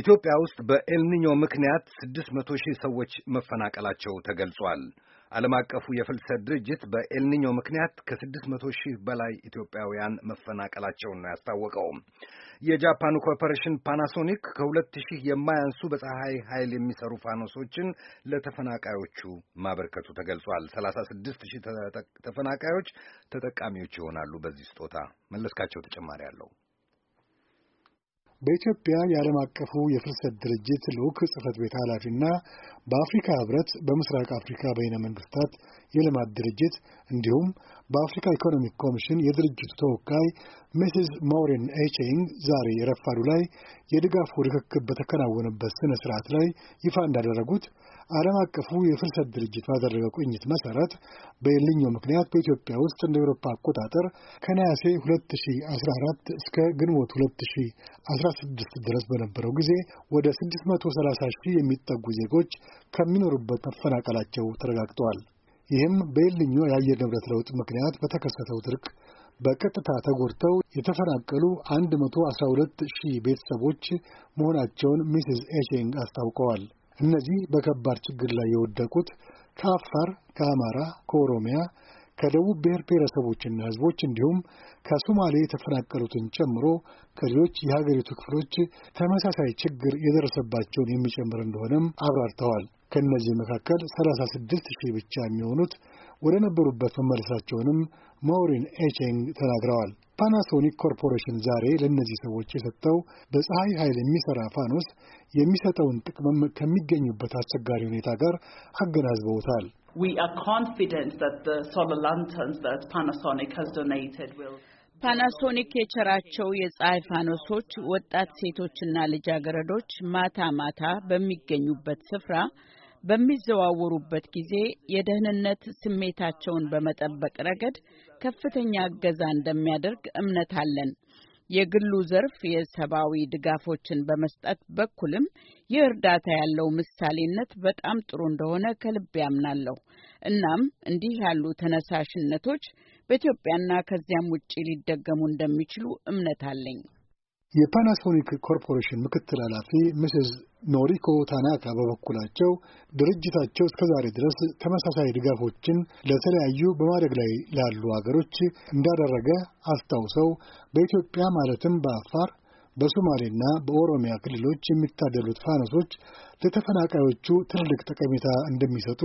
ኢትዮጵያ ውስጥ በኤልኒኞ ምክንያት ስድስት መቶ ሺህ ሰዎች መፈናቀላቸው ተገልጿል። ዓለም አቀፉ የፍልሰት ድርጅት በኤልኒኞ ምክንያት ከስድስት መቶ ሺህ በላይ ኢትዮጵያውያን መፈናቀላቸውን ነው ያስታወቀው። የጃፓኑ ኮርፖሬሽን ፓናሶኒክ ከሁለት ሺህ የማያንሱ በፀሐይ ኃይል የሚሰሩ ፋኖሶችን ለተፈናቃዮቹ ማበርከቱ ተገልጿል። ሰላሳ ስድስት ሺህ ተፈናቃዮች ተጠቃሚዎች ይሆናሉ በዚህ ስጦታ። መለስካቸው ተጨማሪ አለው። በኢትዮጵያ የዓለም አቀፉ የፍልሰት ድርጅት ልዑክ ጽህፈት ቤት ኃላፊና በአፍሪካ ህብረት በምስራቅ አፍሪካ በይነ መንግስታት የልማት ድርጅት እንዲሁም በአፍሪካ ኢኮኖሚክ ኮሚሽን የድርጅቱ ተወካይ ሚስስ ማውሪን ኤቼንግ ዛሬ ረፋዱ ላይ የድጋፉ ርክክብ በተከናወነበት ስነ ስርዓት ላይ ይፋ እንዳደረጉት ዓለም አቀፉ የፍልሰት ድርጅት ባደረገው ቅኝት መሰረት በኤልኞ ምክንያት በኢትዮጵያ ውስጥ እንደ ኤሮፓ አቆጣጠር ከነያሴ 2014 እስከ ግንቦት 2016 ድረስ በነበረው ጊዜ ወደ 630 ሺህ የሚጠጉ ዜጎች ከሚኖሩበት መፈናቀላቸው ተረጋግጠዋል። ይህም በኤልኞ የአየር ንብረት ለውጥ ምክንያት በተከሰተው ድርቅ በቀጥታ ተጎድተው የተፈናቀሉ 112 ሺህ ቤተሰቦች መሆናቸውን ሚስስ ኤሽንግ አስታውቀዋል። እነዚህ በከባድ ችግር ላይ የወደቁት ከአፋር፣ ከአማራ፣ ከኦሮሚያ፣ ከደቡብ ብሔር ብሔረሰቦችና ሕዝቦች እንዲሁም ከሶማሌ የተፈናቀሉትን ጨምሮ ከሌሎች የሀገሪቱ ክፍሎች ተመሳሳይ ችግር የደረሰባቸውን የሚጨምር እንደሆነም አብራርተዋል። ከእነዚህ መካከል 36 ሺህ ብቻ የሚሆኑት ወደ ነበሩበት መመለሳቸውንም ማውሪን ኤቼንግ ተናግረዋል። ፓናሶኒክ ኮርፖሬሽን ዛሬ ለእነዚህ ሰዎች የሰጠው በፀሐይ ኃይል የሚሠራ ፋኖስ የሚሰጠውን ጥቅምም ከሚገኙበት አስቸጋሪ ሁኔታ ጋር አገናዝበውታል። ፓናሶኒክ የቸራቸው የፀሐይ ፋኖሶች ወጣት ሴቶችና ልጃገረዶች ማታ ማታ በሚገኙበት ስፍራ በሚዘዋወሩበት ጊዜ የደህንነት ስሜታቸውን በመጠበቅ ረገድ ከፍተኛ እገዛ እንደሚያደርግ እምነት አለን። የግሉ ዘርፍ የሰብአዊ ድጋፎችን በመስጠት በኩልም ይህ እርዳታ ያለው ምሳሌነት በጣም ጥሩ እንደሆነ ከልብ ያምናለሁ። እናም እንዲህ ያሉ ተነሳሽነቶች በኢትዮጵያና ከዚያም ውጭ ሊደገሙ እንደሚችሉ እምነት አለኝ። የፓናሶኒክ ኮርፖሬሽን ምክትል ኃላፊ ምስዝ ኖሪኮ ታናካ በበኩላቸው ድርጅታቸው ዛሬ ድረስ ተመሳሳይ ድጋፎችን ለተለያዩ በማደግ ላይ ላሉ አገሮች እንዳደረገ አስታውሰው በኢትዮጵያ ማለትም በአፋር በሶማሌና በኦሮሚያ ክልሎች የሚታደሉት ፋኖሶች ለተፈናቃዮቹ ትልቅ ጠቀሜታ እንደሚሰጡ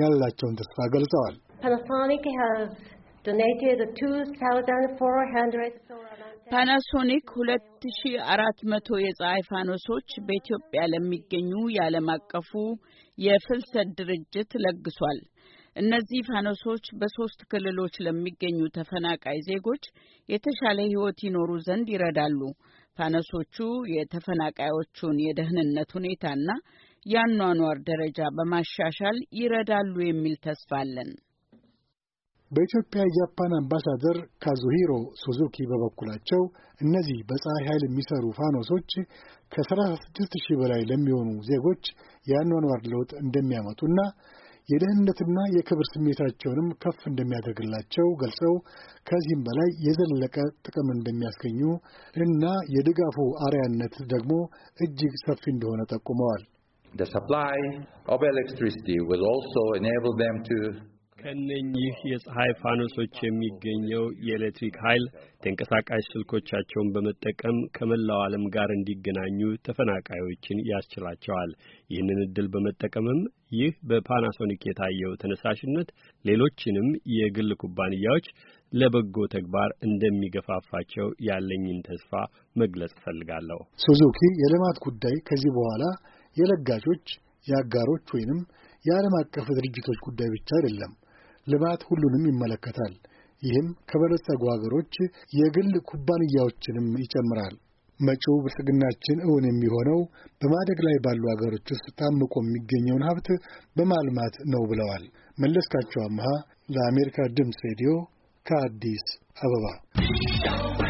ያላቸውን ተስፋ ገልጸዋል። ፓናሶኒክ ሁለት ሺ አራት መቶ የፀሐይ ፋኖሶች በኢትዮጵያ ለሚገኙ የዓለም አቀፉ የፍልሰት ድርጅት ለግሷል። እነዚህ ፋኖሶች በሶስት ክልሎች ለሚገኙ ተፈናቃይ ዜጎች የተሻለ ሕይወት ይኖሩ ዘንድ ይረዳሉ። ፋኖሶቹ የተፈናቃዮቹን የደህንነት ሁኔታና የአኗኗር ደረጃ በማሻሻል ይረዳሉ የሚል ተስፋ አለን። በኢትዮጵያ የጃፓን አምባሳደር ካዙሂሮ ሱዙኪ በበኩላቸው እነዚህ በፀሐይ ኃይል የሚሰሩ ፋኖሶች ከ36 ሺህ በላይ ለሚሆኑ ዜጎች የአኗኗር ለውጥ እንደሚያመጡና የደህንነትና የክብር ስሜታቸውንም ከፍ እንደሚያደርግላቸው ገልጸው ከዚህም በላይ የዘለቀ ጥቅም እንደሚያስገኙ እና የድጋፉ አርያነት ደግሞ እጅግ ሰፊ እንደሆነ ጠቁመዋል። ከነኚህ የፀሐይ ፋኖሶች የሚገኘው የኤሌክትሪክ ኃይል ተንቀሳቃሽ ስልኮቻቸውን በመጠቀም ከመላው ዓለም ጋር እንዲገናኙ ተፈናቃዮችን ያስችላቸዋል። ይህንን እድል በመጠቀምም ይህ በፓናሶኒክ የታየው ተነሳሽነት ሌሎችንም የግል ኩባንያዎች ለበጎ ተግባር እንደሚገፋፋቸው ያለኝን ተስፋ መግለጽ እፈልጋለሁ። ሱዙኪ የልማት ጉዳይ ከዚህ በኋላ የለጋሾች፣ የአጋሮች ወይንም የዓለም አቀፍ ድርጅቶች ጉዳይ ብቻ አይደለም። ልማት ሁሉንም ይመለከታል። ይህም ከበለጸጉ ሀገሮች የግል ኩባንያዎችንም ይጨምራል። መጪው ብልጽግናችን እውን የሚሆነው በማደግ ላይ ባሉ ሀገሮች ውስጥ ታምቆ የሚገኘውን ሀብት በማልማት ነው ብለዋል። መለስካቸው አምሃ ለአሜሪካ ድምፅ ሬዲዮ ከአዲስ አበባ